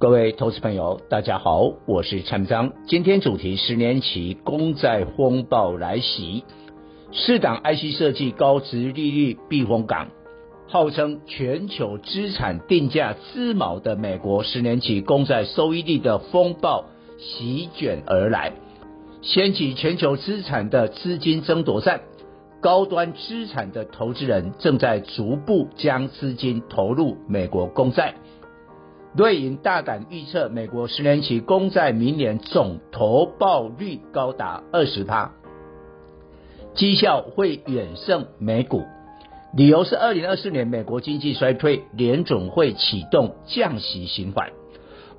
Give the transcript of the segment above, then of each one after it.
各位投資朋友，大家好，我是蔡明彰。今天主題十年期公債風暴來襲，市場 I C 設計高殖利率避風港，號稱全球資產定價之錨的美國十年期公債收益率的風暴席卷而來，掀起全球資產的資金爭奪戰。高端資產的投資人正在逐步將資金投入美國公債。瑞銀大膽預測，美國十年期公債明年總投報率高達二十趴，績效會遠勝美股。理由是二零二四年美國經濟衰退，聯準會啟動降息循環。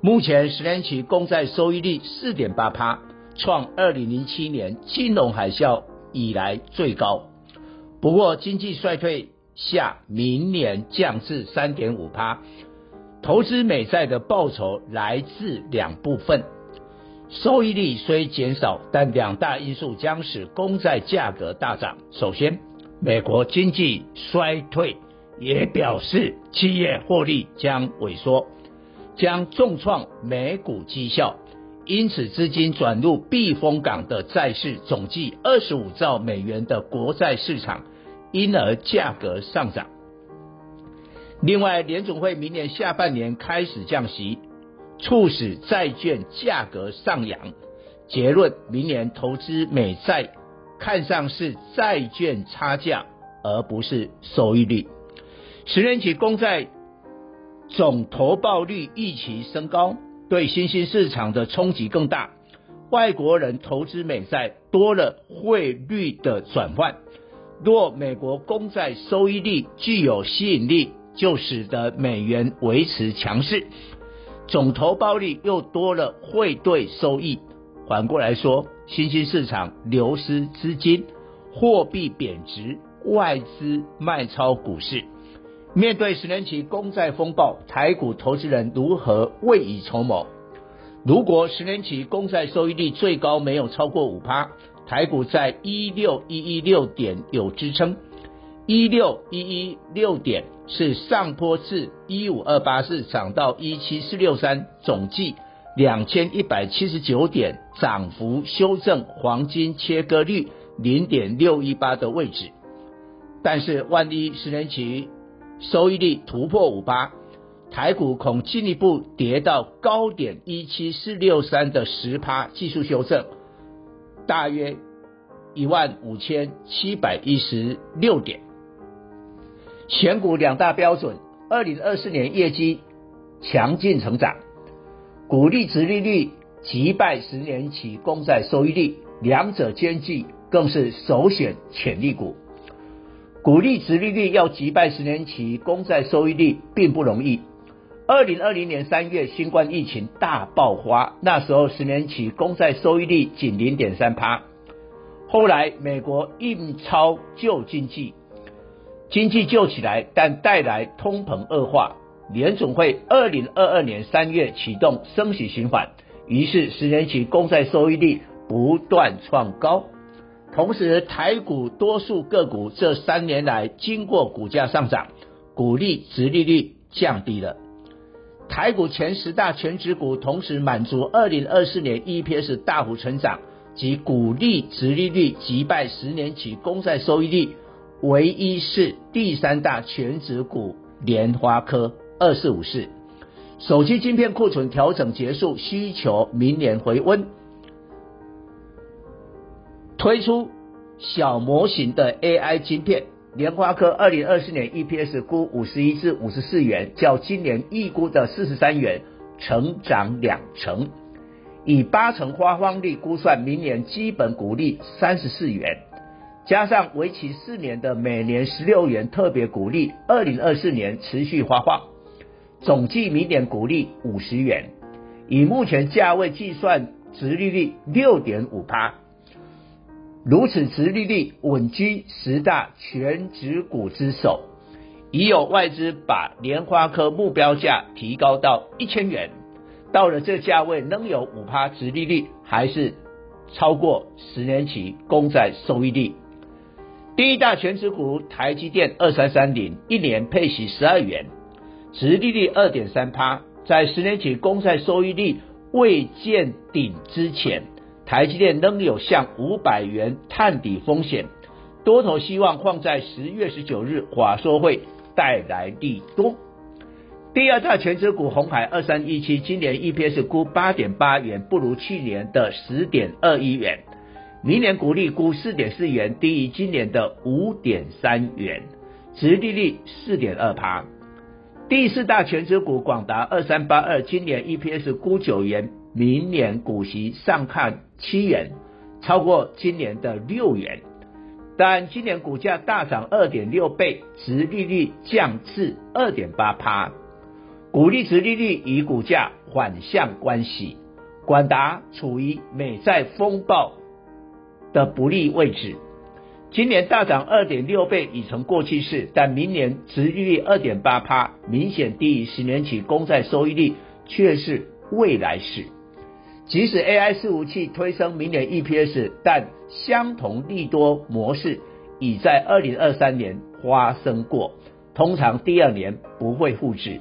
目前十年期公債收益率四點八趴，創二零零七年金融海嘯以來最高。不過經濟衰退下，明年降至三點五趴。投資美債的報酬來自兩部分，收益率雖減少，但兩大因素將使公債價格大漲。首先，美國經濟衰退也表示企業獲利將萎縮，將重創美股績效，因此資金轉入避風港的債市，總計二十五兆美元的國債市場，因而價格上漲。另外，聯準會明年下半年開始降息，促使債券價格上揚。結論：明年投資美債，看上是債券差價，而不是收益率。十年期公債總投報率預期升高，對新興市場的衝擊更大。外國人投資美債多了，匯率的轉換，若美國公債收益率具有吸引力。就使得美元維持強勢，總投報率又多了，匯兌收益。反過來說，新興市場流失資金，貨幣貶值，外資賣超股市。面對十年期公債風暴，台股投資人如何未雨綢繆？如果十年期公債收益率最高沒有超過五趴，台股在一六一一六點有支撐。一六一一六點是上波自一五二八四，漲到一七四六三，總計兩千一百七十九點，漲幅修正黃金切割率零點六一八的位置。但是，萬一十年期收益率突破五趴，台股恐進一步跌到高點一七四六三的十趴技術修正，大約一萬五千七百一十六點。選股兩大標準：二零二四年業績強勁成長，股利殖利率擊敗十年期公債收益率，兩者兼具更是首選潛力股。股利殖利率要擊敗十年期公債收益率並不容易。二零二零年三月新冠疫情大爆發，那時候十年期公債收益率僅零點三趴，後來美國印鈔救經濟。經濟救起來，但帶來通膨惡化。聯總會二零二二年三月啟動升息循環，於是十年期公債收益率不斷創高。同時，台股多數個股這三年來經過股價上漲，股利殖利率降低了。台股前十大權值股同時滿足二零二四年 EPS 大幅成長及股利殖利率擊敗十年期公債收益率。唯一是第三大權值股聯發科二四五四，手機晶片庫存調整結束，需求明年回溫，推出小模型的 AI 晶片聯發科二零二四年 EPS 估五十一至五十四元，較今年預估的四十三元成長兩成，以八成發放率估算，明年基本股利三十四元。加上為期四年的每年十六元特別股利，二零二四年持續發放，總計明年股利五十元，以目前價位計算，殖利率六點五趴，如此殖利率穩居十大權值股之首。已有外資把聯發科目標價提高到一千元，到了這價位，仍有五趴殖利率，還是超過十年期公債收益率。第一大權值股台積電二三三零，一年配息十二元，殖利率二點三趴，在十年期公債收益率未見頂之前，台積電仍有向五百元探底風險。多頭希望放在十月十九日華碩會帶來利多。第二大權值股鴻海二三一七，今年 EPS 估八點八元，不如去年的十點二一元。明年股利估四點四元，低於今年的五點三元，殖利率四點二趴。第四大權值股廣達二三八二，今年 EPS 估九元，明年股息上看七元，超過今年的六元。但今年股價大漲二點六倍，殖利率降至二點八趴。股利殖利率與股價反向關係，廣達處於美債風暴。的不利位置，今年大漲二點六倍已成過去式，但明年殖利率二點八趴明顯低於十年期公債收益率，卻是未來式。即使 AI 伺服器推升明年 EPS，但相同利多模式已在二零二三年發生過，通常第二年不會複製。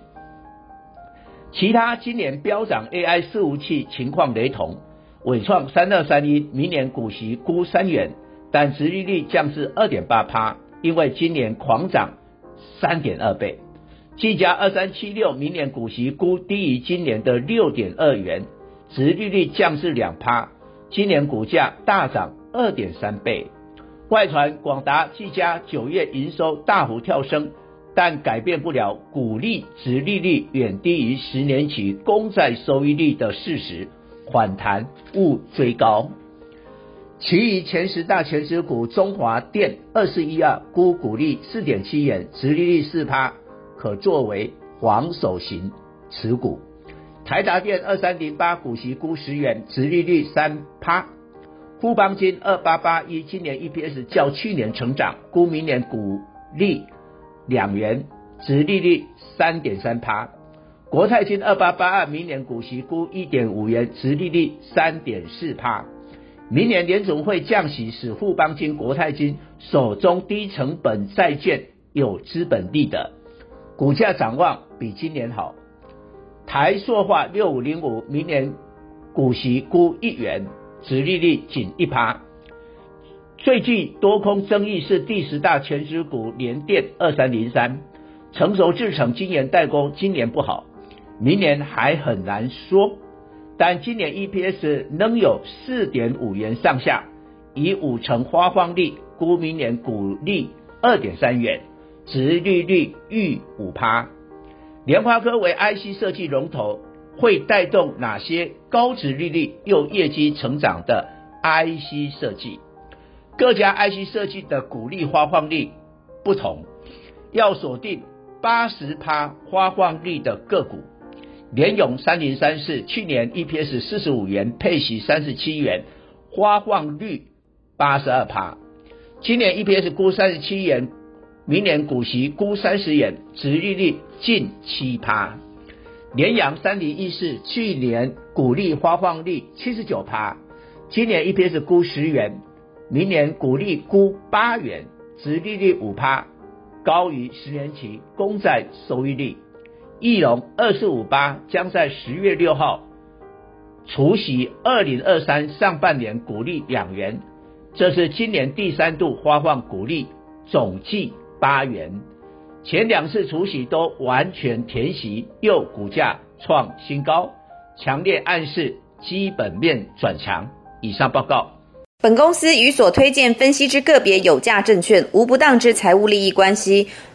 其他今年飆漲 AI 伺服器情況雷同。緯創三二三一，明年股息估三元，但殖利率降至二點八趴，因為今年狂漲三點二倍。技嘉二三七六，明年股息估低於今年的六點二元，殖利率降至兩趴，今年股價大漲二點三倍。外傳廣達、技嘉九月營收大幅跳升，但改變不了股利殖利率遠低於十年期公債收益率的事實。反彈勿追高，其餘前十大權值股：中華電二四一二，估股利四點七元，殖利率四趴，可作為防守型持股；台達電二三零八，股息估十元，殖利率三趴；富邦金二八八一，今年 EPS 較去年成長，估明年股利兩元，殖利率三點三趴。國泰金二八八二，明年股息估一點五元，殖利率三點四趴。明年聯準會降息，使富邦金、國泰金手中低成本債券有資本利得，股價展望比今年好。台塑化六五零五，明年股息估一元，殖利率僅一趴。最具多空爭議是第十大權值股聯電二三零三，成熟製程晶圓代工今年不好。明年還很難說，但今年 EPS 仍有四點五元上下，以五成發放率估，明年股利二點三元，殖利率逾五趴。聯發科為 IC 設計龍頭，會帶動哪些高殖利率又業績成長的 IC 設計？各家 IC 設計的股利發放率不同，要鎖定八十趴發放率的個股。聯詠三零三四去年 EPS 四十五元，配息三十七元，發放率八十二趴。今年 EPS 估三十七元，明年股息估三十元，殖利率近七趴。聯陽三零一四去年股利發放率七十九趴，今年 EPS 估十元，明年股利估八元，殖利率五趴，高於十年期公債收益率。義隆二四五八將在十月六號除息，二零二三上半年股利兩元，這是今年第三度發放股利，總計八元。前兩次除息都完全填息，又股價創新高，強烈暗示基本面轉強。以上報告。本公司與所推薦分析之個別有價證券無不當之財務利益關係。